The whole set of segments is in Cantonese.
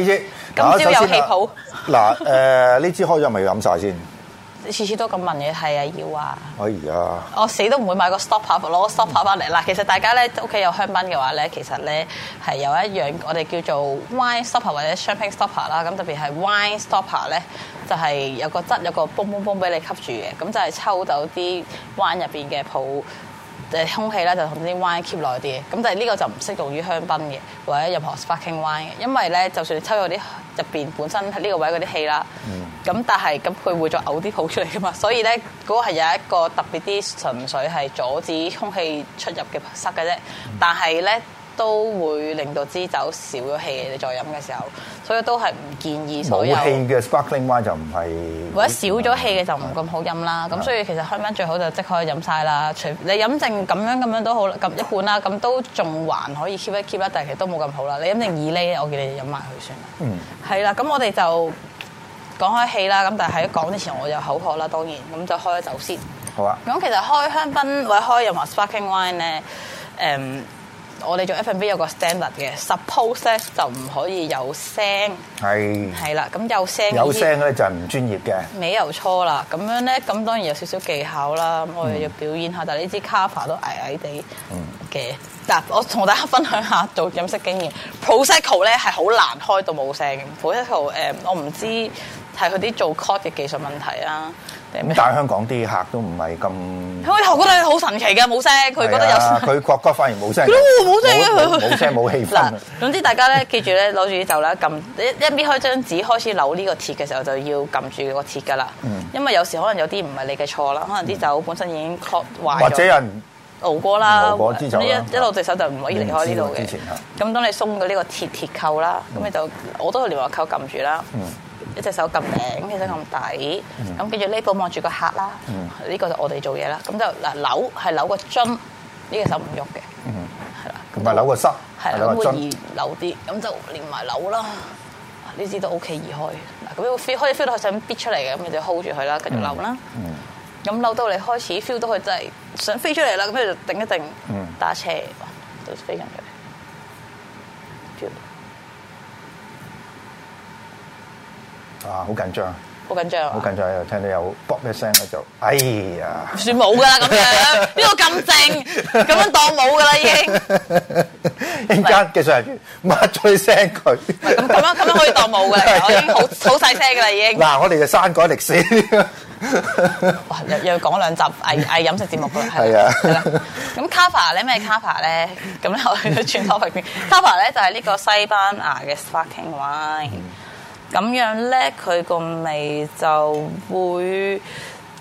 呢，今朝有氣泡。嗱，誒呢支開咗咪飲晒先？你 次次都咁問嘅！係啊，要啊，可以啊，我死都唔會買個 stopper 攞個 stopper 翻嚟。嗱，其實大家咧屋企有香檳嘅話咧，其實咧係有一樣我哋叫做 wine stopper 或者 champagne stopper 啦。咁特別係 wine stopper 咧，就係有個質有個嘣嘣嘣俾你吸住嘅，咁就係抽到啲 wine 入邊嘅泡。誒，空氣咧就同啲 wine keep 耐啲，咁但係呢個就唔適用於香檳嘅，或者任何 sparkling wine 嘅，因為咧，就算抽咗啲入邊本身喺呢個位嗰啲氣啦，咁但係咁佢會再嘔啲泡出嚟噶嘛，所以咧，嗰個係有一個特別啲純粹係阻止空氣出入嘅塞嘅啫，但係咧。都會令到支酒少咗氣，你再飲嘅時候，所以都係唔建議所有冇氣嘅 sparkling wine 就唔係或者少咗氣嘅就唔咁好飲啦。咁所以其實香檳最好就即刻飲晒啦。隨你飲剩咁樣咁樣都好啦，咁一半啦，咁都仲還可以 keep 一 keep 一，但係其實都冇咁好啦。你飲剩二呢，我叫你飲埋佢算喇。嗯，係啦。咁我哋就講開氣啦。咁但係喺講之前，我就口渴啦，當然咁就開酒先。好啊。咁其實開香檳或者開任何 sparkling wine 咧，誒。嗯我哋做 F&B 有個 standard 嘅，suppose 就唔可以有聲，係係啦，咁有聲有聲咧就係唔專業嘅，尾又錯啦。咁樣咧，咁當然有少少技巧啦。咁我哋要表演一下，嗯、但係呢支 c 卡牌都矮矮地嘅。嗱、嗯，但我同大家分享一下做飲食經驗，protocol 咧係好難開到冇聲。protocol 誒，我唔知係佢啲做 cut 嘅技術問題啊。但係香港啲客都唔係咁，佢頭覺得好神奇嘅，冇聲，佢覺得有。佢國歌反而冇聲。冇冇冇氣氛。 總之大家咧，記住咧，攞住啲酒咧，撳一搣開張紙，開始扭呢個鐵嘅時候，就要撳住個鐵噶啦、嗯。因為有時可能有啲唔係你嘅錯啦，可能啲酒本身已經 c o 壞咗、嗯、或者人熬過啦，一一路對手就唔可以離開呢度嘅。咁當你鬆咗呢個鐵鐵扣啦，咁、嗯、你就我都係連環扣撳住啦。嗯一隻手撳頂，其隻手撳底，咁跟住呢部望住個客啦，呢、嗯這個就我哋做嘢啦。咁就嗱扭係扭個樽，呢、這個手唔喐嘅，係、嗯、啦，唔係扭個塞，係啊，會易扭啲，咁就連埋扭啦。呢支都 O K，移開。咁樣 f 可以 feel 到佢想逼出嚟嘅，咁你就 hold 住佢啦，繼續扭啦。咁、嗯、扭、嗯、到你開始 feel 到佢真係想飛出嚟啦，咁你就定一定、嗯、打斜就飛緊啊！好緊張，好緊張，好緊張！又、啊、聽到有噃嘅聲，喺度，哎呀！算冇噶啦咁樣，呢 個咁靜？咁樣當冇噶啦已經。一陣間技術人員抹咗啲聲佢，咁咁樣咁樣可以當冇噶啦，我已經好好細聲噶啦已經。嗱、啊，我哋就刪改歷史，哇！又又講兩集藝藝、啊啊啊啊啊啊、 飲食節目噶啦，係啊。咁 Cava 咧咩 Cava 咧？咁 咧 我喺度轉頭去邊，Cava 咧就係呢個西班牙嘅 sparkling wine。 咁樣咧，佢個味就會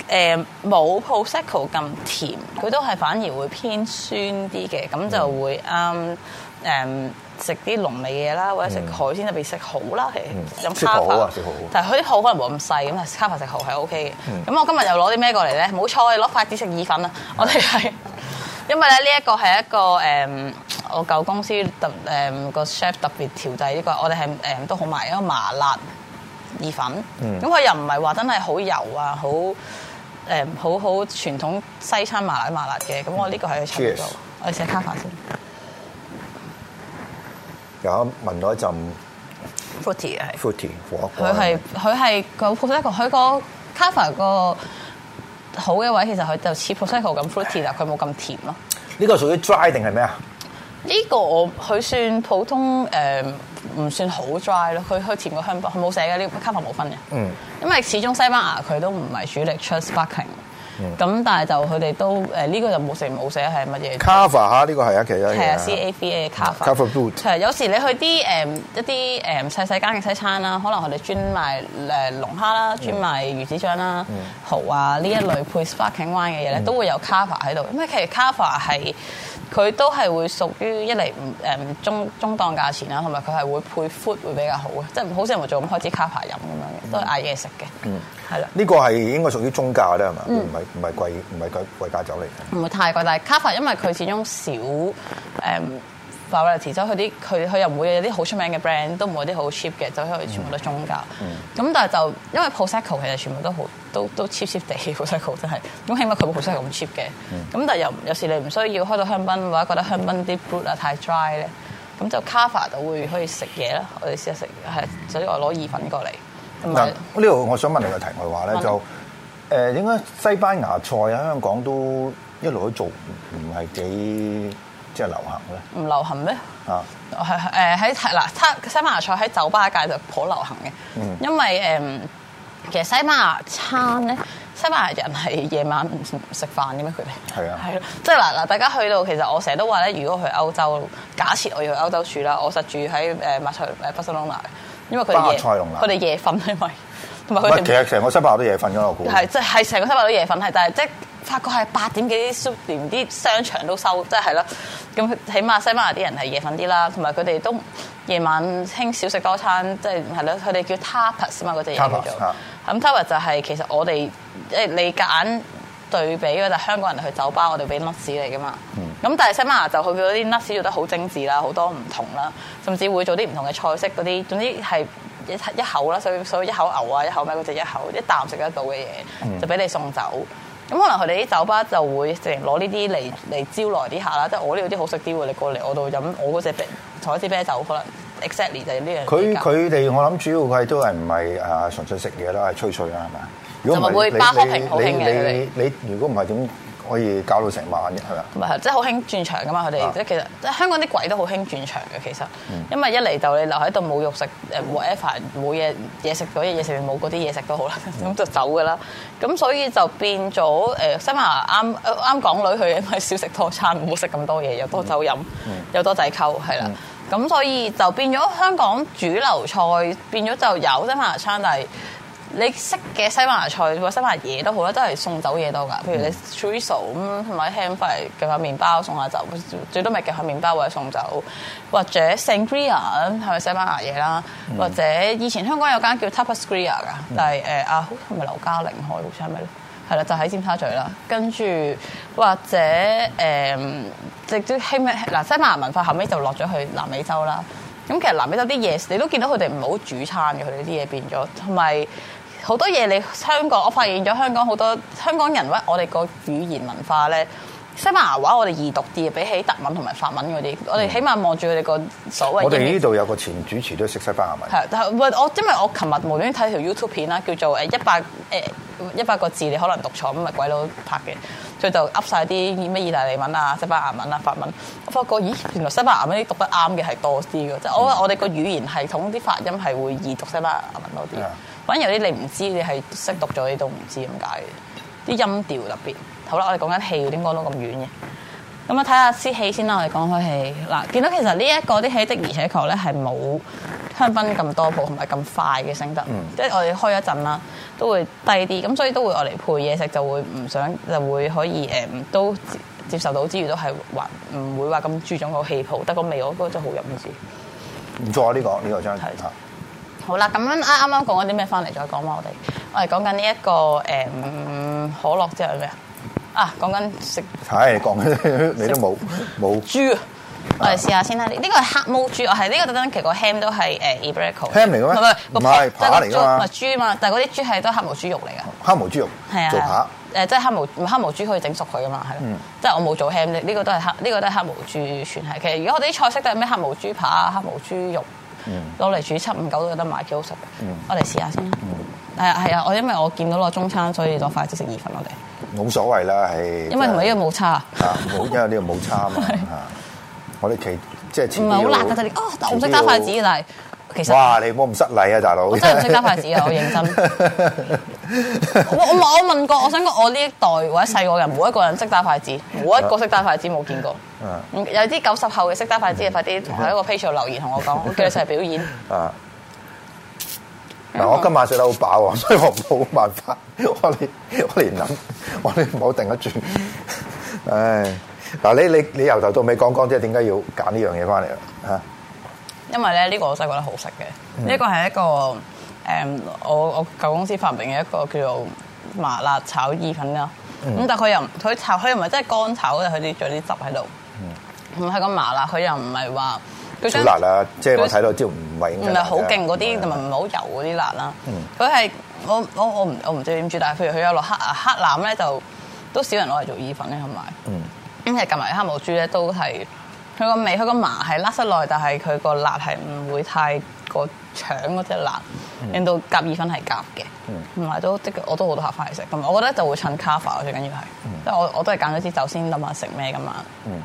誒冇 prosecco 咁甜，佢都係反而會偏酸啲嘅，咁、嗯、就會啱誒食啲濃味嘢啦，或者食海鮮特別食蠔啦，其實嗯。食蠔啊，食蠔。但係佢啲蠔可能冇咁細，咁啊 carpaccio 食蠔係 OK 嘅。咁、嗯、我今日又攞啲咩過嚟咧？冇錯，我哋攞筷子食意粉啦。我哋係因為咧呢一個係一個誒。嗯我舊公司特誒個 chef 特別調製呢、這個，我哋係誒都好賣，因為麻辣意粉，咁、嗯、佢又唔係話真係好油啊，好誒好好傳統西餐麻辣麻辣嘅，咁我呢個喺度，我哋試下 Cava 先。有聞到一陣 fruity 係，fruity 果乾。佢係佢係個 Prosecco，佢個 Cava 個好嘅位置，其實佢就似 Prosecco 咁 fruity，但佢冇咁甜咯。呢、這個屬於 dry 定係咩啊？呢、這個我佢算普通誒唔、呃、算好 dry 咯。佢佢甜過香檳，佢冇寫嘅呢個卡牌冇分嘅。嗯，因為始終西班牙佢都唔係主力出 sparkling 咁、嗯、但係就佢哋都呢、呢個就冇食冇寫係乜嘢，Cava 嚇，呢個係一啊。其實係啊，C A V A Cava，Cava food。係有時你去啲一啲誒細細間嘅西餐啦，可能佢哋專賣誒龍蝦啦、嗯、專賣魚子醬啦、嗯、蠔啊呢一類配 sparkling wine 嘅嘢呢，都會有 Cava 喺度。咁其實 Cava 係佢都係會屬於一嚟中中檔價錢啦，同埋佢係會配 food 會比較好嘅，即係唔好似我做咁開支 Cava 飲咁樣嘅，都係嗌嘢食嘅。嗯。嗯係啦，呢個係應該屬於中價咧，係嘛？唔係唔係貴，唔係貴貴價酒嚟嘅。唔會太貴，但係 Cava 因為佢始終少誒 quality、嗯、所以佢啲佢佢又唔會有啲好出名嘅 brand，都唔係啲好 cheap 嘅，就係全部都中價。咁、嗯嗯、但係就因為 Prosecco 其實全部都好都都 cheap cheap 地，Prosecco 真係咁，起碼佢冇 Prosecco 咁 cheap 嘅。咁、嗯、但係又有時候你唔需要開到香檳，或者覺得香檳啲 bottle 啊太 dry 咧，咁就 Cava 就會可以食嘢啦。我哋試下食，係所以我攞意粉過嚟。呢度我想問你個題外話咧，就誒點解西班牙菜喺香港都一路都做唔係幾即係流行咧？唔流行咩？啊，係誒喺嗱，西班牙菜喺酒吧界就頗流行嘅、嗯，因為誒其實西班牙餐咧，西班牙人係夜晚唔食飯嘅咩？佢哋係啊，係咯，即係嗱嗱，大家去到其實我成日都話咧，如果去歐洲，假設我要去歐洲住啦，我實住喺誒馬塞誒巴塞隆拿。因為佢夜，佢哋夜瞓，因為同埋佢哋。唔係，其實成個西班牙都夜瞓噶，我估。係即係成個西班牙都夜瞓，係，但係即係法國係八點幾鍾連啲商場都收，即係係咯。咁起碼西班牙啲人係夜瞓啲啦，同埋佢哋都夜晚興少食多餐，即係係咯。佢哋叫 tapas 嘛，嗰隻嘢叫做。咁 tapas、嗯、就係、是、其實我哋即係你夾硬對比嗰就是、香港人去酒吧，我哋俾乜屎嚟㗎嘛？嗯咁但係西班牙就佢嗰啲 nuts 做得好精緻啦，好多唔同啦，甚至會做啲唔同嘅菜式嗰啲，總之係一一口啦，所以所以一口牛啊，一口咩嗰隻一口一啖食得到嘅嘢就俾你送走。咁、嗯、可能佢哋啲酒吧就會直接攞呢啲嚟嚟招來啲客啦，即係我呢度啲好食啲喎，你過嚟我度飲我嗰隻啤，同一支啤酒可能 exactly 就係呢樣。佢佢哋我諗主要佢都係唔係啊純粹食嘢啦，係吹水啊係咪？如果唔係你你你如果唔係點？可以搞到成晚嘅係咪？唔係，即係好興轉場㗎嘛佢哋，即係其實即係香港啲鬼都好興轉場嘅其實，因為一嚟就你留喺度冇肉食誒，冇飯冇嘢嘢食，嗰嘢食完冇嗰啲嘢食都好啦，咁、嗯、就走㗎啦。咁所以就變咗誒，西班牙啱啱港女去，因為少食多餐，唔好食咁多嘢，又多酒飲，又、嗯、多仔溝係啦。咁所以就變咗香港主流菜變咗就有西班牙餐，但係，你識嘅西班牙菜或西班牙嘢都好啦，都係送走嘢多噶。譬如你 tortilla 咁，同埋 ham 翻嚟夾下麵包送下酒，最多咪夾下麵包或者送酒，或者 sangria 咪係西班牙嘢啦，mm. 或者以前香港有間叫 tapas cria 噶，mm. 但係誒好，係、呃、咪、啊、劉嘉玲好似係咪咧？係啦，就喺、是、尖沙咀啦。跟住或者誒直接吃咩嗱，西班牙文化後尾就落咗去了南美洲啦。咁其實南美洲啲嘢，你都見到佢哋唔係好主餐嘅，佢哋啲嘢變咗，同埋好多嘢。你香港，我發現咗香港好多香港人話，我哋個語言文化咧，西班牙話我哋易讀啲，比起德文同埋法文嗰啲，我哋起碼望住佢哋個所謂。我哋呢度有個前主持都識西班牙文。係，我因為我琴日無端睇條 YouTube 片啦，叫做一百、呃一百個字你可能讀錯，咁咪鬼佬拍嘅，所以就噏晒啲咩意大利文啊、西班牙文啊、法文。我發覺，咦，原來西班牙文啲讀得啱嘅係多啲嘅，即、嗯、係、就是、我我哋個語言系統啲、嗯、發音係會易讀西班牙文多啲、嗯。反而有啲你唔知，你係識讀咗你都唔知點解。啲音調特別。好啦，我哋講緊氣點講到咁遠嘅。咁啊，睇下啲氣先啦，我哋講開氣嗱，見到其實呢一個啲氣的而且確咧係冇。香檳咁多泡同埋咁快嘅升得，嗯、即係我哋開一陣啦，都會低啲，咁所以都會我嚟配嘢食就會唔想就會可以誒、呃，都接受到之餘都係話唔會話咁注重個氣泡，得個味我覺得真係好飲嘅事。唔錯呢、呢個呢、呢個真係啊！好啦，咁樣啱啱講咗啲咩翻嚟再講嘛，我哋我哋講緊呢一個誒、呃、可樂即係咩啊？啊，講緊食係講、哎、你都冇冇豬嗯、我哋試下先啦，呢個係黑毛豬，我係呢個等等其個 ham 都係誒 Iberico ham 嚟㗎咩？唔係，唔係扒嚟㗎嘛？唔係豬嘛？但係嗰啲豬係都黑毛豬肉嚟㗎。黑毛豬肉係啊，做扒誒，即係黑毛黑毛豬可以整熟佢㗎嘛？係，即、嗯、係我冇做 ham 呢、呢個都係黑呢、呢個都係黑毛豬全係。其實如果我哋啲菜式都係咩黑毛豬扒、黑毛豬肉攞嚟煮七五九都有得賣，幾好食嘅。我哋試下先，係係啊！我因為我見到攞中餐，所以我攞筷子食意粉。我哋冇所謂啦，係因為同係、啊、因為冇差啊，冇因為呢個冇差啊嘛。我哋其即係，唔係好辣嘅，真你哦，唔識揸筷子，但係其實。哇！你唔好唔失禮啊，大佬。我真係唔識揸筷子啊！ 我認真。 我我問我問過，我想講我呢一代或者細個人，冇、嗯、一個人識揸筷子，冇、嗯、一個識揸筷子，冇、嗯、見過。嗯、有啲九十後嘅識揸筷子，嗯、快啲同喺個 page 上留言同、嗯、我講，我叫你嚟表演。啊、嗯！嗱、嗯，我今晚食得好飽，所以我冇辦法。我哋我哋諗，我哋唔好定得住。唉。哎嗱，你你你由頭到尾講講，即係點解要揀呢樣嘢翻嚟啦？嚇，因為咧呢個我細個覺得好食嘅，呢、嗯呢個係一個誒，我我舊公司發明嘅一個叫做麻辣炒意粉啦。咁、嗯、但係佢又佢炒，佢又唔係真係乾炒佢啲，仲有啲汁喺度，唔係咁麻辣，佢又唔係話，少辣啊！即係、就是、我睇到即係唔係咁。唔係好勁嗰啲，同埋唔係好油嗰啲辣啦。佢、嗯、係我我我唔我唔知點煮，但係譬如佢有落黑黑腩咧，就都少人攞嚟做意粉咧，同埋。今日實夾埋黑毛豬咧，都係佢個味，佢個麻係甩得耐，但係佢個辣係唔會太過搶嗰隻辣、嗯，令到夾意粉係夾嘅。嗯，同埋都的我都好多客翻嚟食。咁我覺得就會襯 Cava 最緊要係，即係我我都係揀咗支酒先諗下食咩咁嘛。嗯，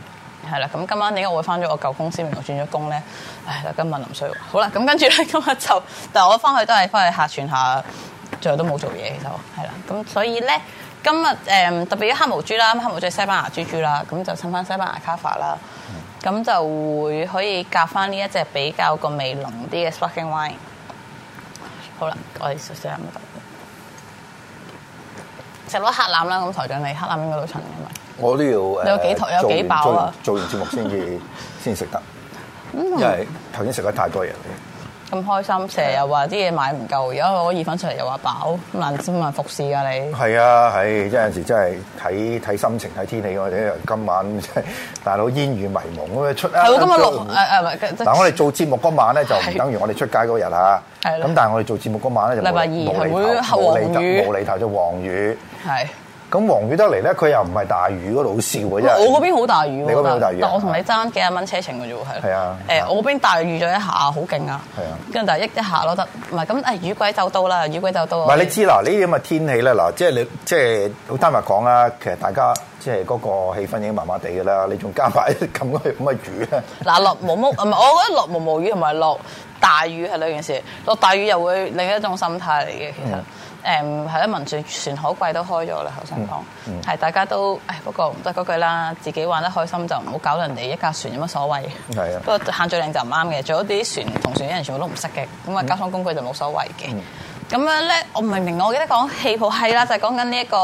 係啦。咁今晚點解我會翻咗我舊公司度轉咗工咧？唉，就今日林衰。好啦，咁跟住咧，今日就，但係我翻去都係翻去客串下，最後都冇做嘢，其實係啦。咁所以咧。今日誒特別一黑毛豬啦，黑毛豬係西班牙豬豬啦，咁就襯翻西班牙卡法啦，咁、嗯、就會可以夾翻呢一隻比較個味濃啲嘅 Sparkling Wine。好啦，我哋食食下先得。食到黑腩啦，咁台長你黑腩應該都襯埋。我都要你有。有幾台？有幾爆啊？做完節目先至先食得，因為頭先食得太多嘢。咁開心，成日又話啲嘢買唔夠，而家攞意粉出嚟又話飽，難唔難服侍呀你？係啊，係。有陣時真係睇睇心情、睇天氣。我哋今晚真係大佬煙雨迷蒙咁樣出啊，今日六啊，啊！但我哋做節目嗰晚咧就唔等於我哋出街嗰日嚇。係啦。咁但係我哋做節目嗰晚咧就冇冇厘頭，冇理得冇厘頭就黃雨。係。咁黃雨得嚟咧，佢又唔係大雨嗰度好笑嘅，因為我嗰邊好大雨，大雨你嗰邊好大雨。但，但我同你爭幾廿蚊車程嘅啫喎，係。啊、欸，誒我嗰邊大雨咗一下，好勁啊！係啊，跟住就一一下攞得，唔係咁誒雨鬼就到啦，雨鬼就到。唔係你知啦，呢啲咁嘅天氣咧，嗱，即係你即係好坦白講啦，其實大家即係嗰、嗰個氣氛已經麻麻地嘅啦，你仲加埋咁嘅咁嘅雨啊！嗱落毛毛唔係 我覺得落毛毛雨同埋落大雨係兩件事，落大雨又會另一種心態嚟嘅，其實。嗯誒係啦，民船船好貴都開咗啦，頭先講，係、嗯、大家都誒，不過都係嗰句啦，自己玩得開心就唔好搞人哋，一架船有乜所謂？係啊，不過限聚令就唔啱嘅，仲有啲船同船啲人全部都唔識嘅，咁啊交通工具就冇所謂嘅。咁、嗯、樣咧，我唔明明我記得講氣泡係啦，就係講緊呢一個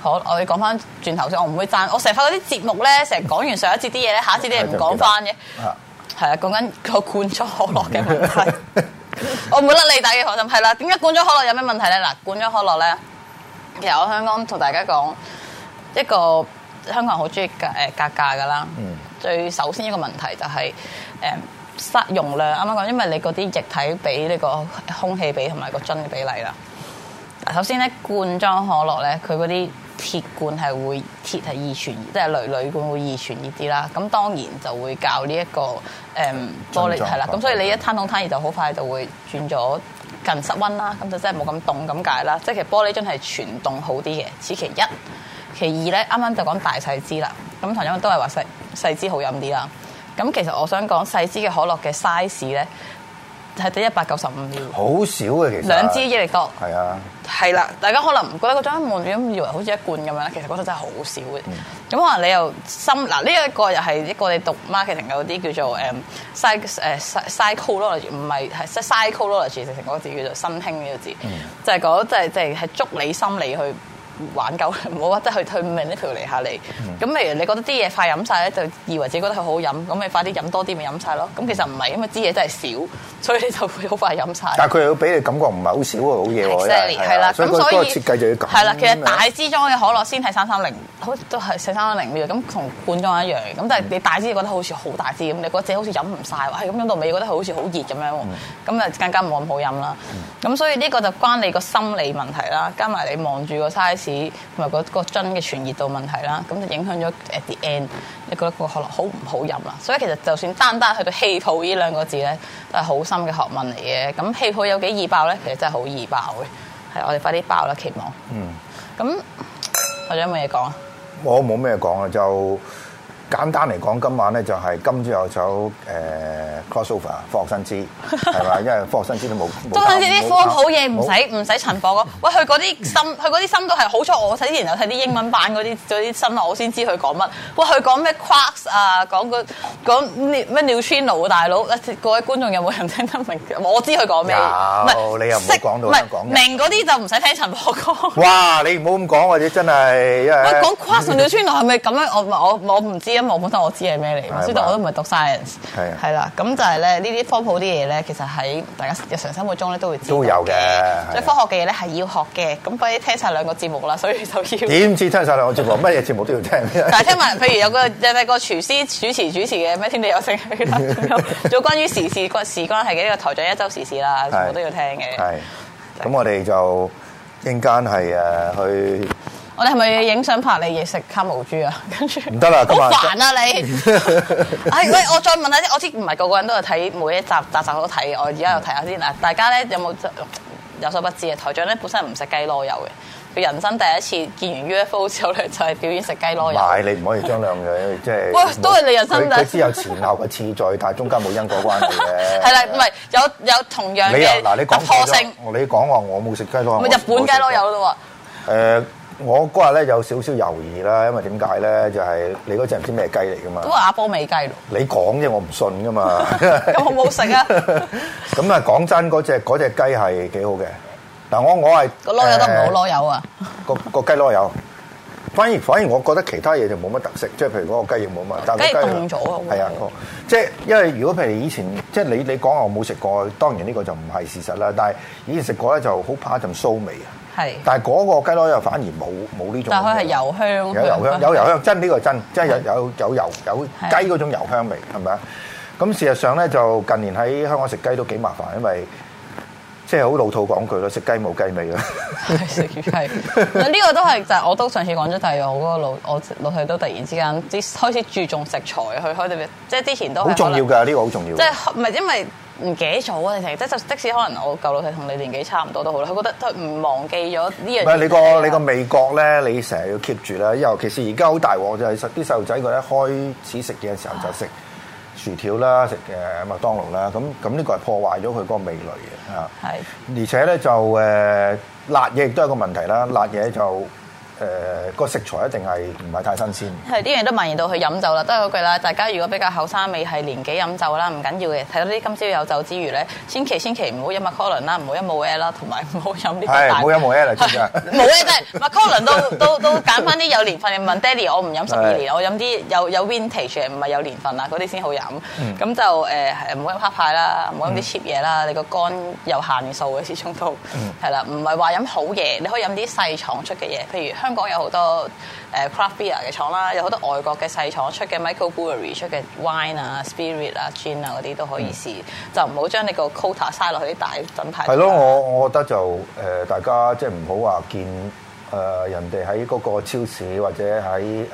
好，我哋講翻轉頭先，我唔會贊，我成日發覺啲節目咧，成日講完上一節啲嘢咧，下一節啲嘢唔講翻嘅，係啊，講緊個灌裝可樂嘅問題。嗯嗯 我唔會甩嚟打嘅，放心係啦。點解罐裝可樂有咩問題咧？嗱，罐裝可樂咧，其實我香港同大家講一個香港人好中意格誒格價噶啦。嗯。最首先一個問題就係誒塞容量，啱啱講，因為你嗰啲液體比呢個空氣比同埋個樽嘅比例啦。嗱，首先咧罐裝可樂咧，佢嗰啲。鐵罐係會鐵係易傳熱，即係鋁鋁罐會易傳熱啲啦。咁當然就會較呢一個誒玻璃係啦。咁、嗯、所以你一攤桶攤熱就好快就會轉咗近室溫啦。咁就真係冇咁凍咁解啦。即係其實玻璃樽係全凍好啲嘅。此其一，其二咧，啱啱就講大細支啦。咁同樣都係話細細支好飲啲啦。咁其實我想講細支嘅可樂嘅 size 咧。係得一百九十五秒，好少嘅其實。兩支益力多。係啊。係啦，大家可能唔覺得嗰張望住咁，以為好似一罐咁樣，其實嗰度真係好少嘅。咁可能你又心嗱呢一個又係一個你讀 marketing 有啲叫做誒、um, psy 誒 psy psychology 唔係，係 psy psychology 直程嗰個字叫做新興呢個字，個字嗯、就係講即係就係、係、係捉你心理去。挽救唔好得佢，佢明啲調離下你。咁譬如你覺得啲嘢快飲晒，咧，就以為自己覺得佢好好飲，咁咪快啲飲多啲咪飲晒咯。咁其實唔係，因為啲嘢真係少，所以你就會好快飲晒。但係佢又俾你感覺唔係好少好嘢喎。係啦，咁、exactly，所以，所以，所以設計就要係啦，其實大支裝嘅可樂先係三三零，好都係四三三零咁同罐裝一樣咁、嗯、但係你大支覺得好似好大支咁，你嗰支好似飲唔晒喎。咁飲到尾覺得好似好熱咁樣咁啊更加冇咁好飲啦。咁、嗯、所以呢個就關你個心理問題啦。加埋你望住個 size。同埋嗰個樽嘅傳熱度問題啦，咁就影響咗 at the end，你覺得個可能好唔好飲啦？所以其實就算單單去到氣泡呢兩個字咧，都係好深嘅學問嚟嘅。咁氣泡有幾易爆咧？其實真係好易爆嘅，係我哋快啲爆啦！期望。嗯。咁，或者有冇嘢講？我冇咩講啊，就。簡單嚟講，今晚咧就係今朝有酒誒、呃、crossover 科學新知，係 嘛？因為科學新知都冇，都好啲科好嘢，唔使唔使陳博士。喂，佢嗰啲深，佢啲深度係好在，我睇之前有睇啲英文版嗰啲嗰啲新啊，我先知佢講乜。喂，佢講咩 quark 啊？講個講,講,講 new channel 大佬！各位觀眾有冇人聽得明？我知佢講咩？你又唔講到明嗰啲就唔使聽陳博士。哇！你唔好咁講，或者真係因為講 quarks new channel 係咪咁樣？我 我我唔知。音樂本身我知係咩嚟，所以我都唔係讀 science，係啦，咁就係咧呢啲科普啲嘢咧，其實喺大家日常生活中咧都會知道嘅，都有嘅。即係科學嘅嘢咧係要學嘅，咁不過聽晒兩個節目啦，所以就要點知聽晒兩個節目，乜 嘢節目都要聽。但係聽埋，譬 如有個細細個廚師主持主持嘅咩天地有聲， 做關於時事關時關係嘅呢個台長一周時事啦，全部都要聽嘅。係，咁我哋就陣間係誒去。我哋係咪影相拍你嘢食卡毛豬啊？跟住唔得啦，咁煩啊！你係 喂，我再問下先，我知唔係個個人都係睇每一集，集集都睇，我而家又睇下先。嗱，大家咧有冇有，有所不知啊？台長咧本身係唔食雞攞油嘅，佢人生第一次見完 UFO 之後咧就係、是、表演食雞攞油。買你唔可以將亮樣即係，都係你人生的。佢佢先有前後嘅次序，但係中間冇因果關係係啦，唔 係 有有同樣嘅個特性。你講話、就是、我冇食雞攞，咪日本雞攞油咯喎？誒我嗰日咧有少少猶豫啦，因為點解咧就係、是、你嗰隻唔知咩雞嚟噶嘛？都話阿波尾雞。你講啫，我唔信噶嘛。咁我冇食啊。咁啊，講真，嗰隻隻雞係幾好嘅。但我我係個籮柚都唔好籮柚啊。個、欸、個雞籮柚，反而反而我覺得其他嘢就冇乜特色，即係譬如嗰個雞翼冇乜。雞翼凍咗啊！係啊，即係因為如果譬如以前，即係你你講我冇食過，當然呢個就唔係事實啦。但係以前食過咧，就好怕一陣臊味啊。係，但係嗰個雞卵又反而冇冇呢種。但係佢係油香，有油香，有油香，真呢個真，真係、這個就是、有有有油有雞嗰種油香味，係咪啊？咁事實上咧，就近年喺香港食雞都幾麻煩，因為即係好老土講句咯，食雞冇雞味啦。食雞，呢、 這個都係就係、我都上次講咗，但、就、係、係、我嗰個老我老去都突然之間啲開始注重食材，去開啲即係之前都好重要㗎，呢、這個好重要、就是。即係唔係因為？唔記得咗啊！你睇即就即使可能我舊老細同你年紀差唔多都好啦，佢覺得都係唔忘記咗呢樣嘢。唔係你個你個味覺咧，你成日要 keep 住啦。尤其係而家好大鑊就係啲細路仔佢一開始食嘅時候就食薯條啦，食誒麥當勞啦。咁咁呢個係破壞咗佢個味蕾嘅嚇。係。而且咧就誒辣嘢亦都係個問題啦，辣嘢就。誒、呃、個食材一定係唔係太新鮮係？係啲嘢都蔓延到去飲酒啦，都係嗰句啦。大家如果比較後生，未係年紀飲酒啦，唔緊要嘅。睇到啲今朝有酒之餘咧，千祈千祈唔好飲麥卡倫啦，唔好飲無 air 啦，同埋唔好飲啲係唔好飲無 air 啦，真係無 air 麥卡倫都都都揀翻啲有年份嘅。你問爹哋，我唔飲十二年，我飲啲有有 vintage 嘅，唔係有年份啦，嗰啲先好飲。咁、嗯、就誒唔好飲 p 派啦，唔好飲啲 cheap 嘢啦、嗯。你個肝有限數嘅，始終都係啦，唔係話飲好嘢，你可以飲啲細廠出嘅嘢，譬如。香港有好多誒 craft beer 嘅廠啦，有好多外國嘅細廠出嘅 Michael brewery 出嘅 wine 啊、spirit 啊、gin 啊嗰啲都可以試，嗯、就唔好將你個 quota 嘥落去啲大品牌。係咯，我我覺得就誒、呃、大家即係唔好話見誒、呃、人哋喺嗰個超市或者喺誒、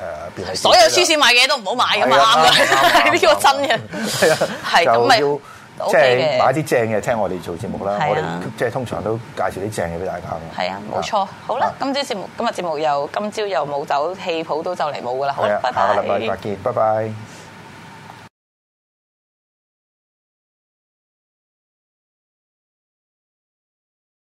呃。所有的超市買嘢都唔好買，咁嘛。啱嘅呢個真嘅。係啊，係咁咪。 即係買啲正嘅，聽我哋做節目啦。我哋即係通常都介紹啲正嘅俾大家嘅。係啊，冇錯。好、啊、啦，今朝節目今日節目又今朝又冇走戲譜都就嚟冇噶啦。好啦，拜拜。下個禮拜再見，拜拜。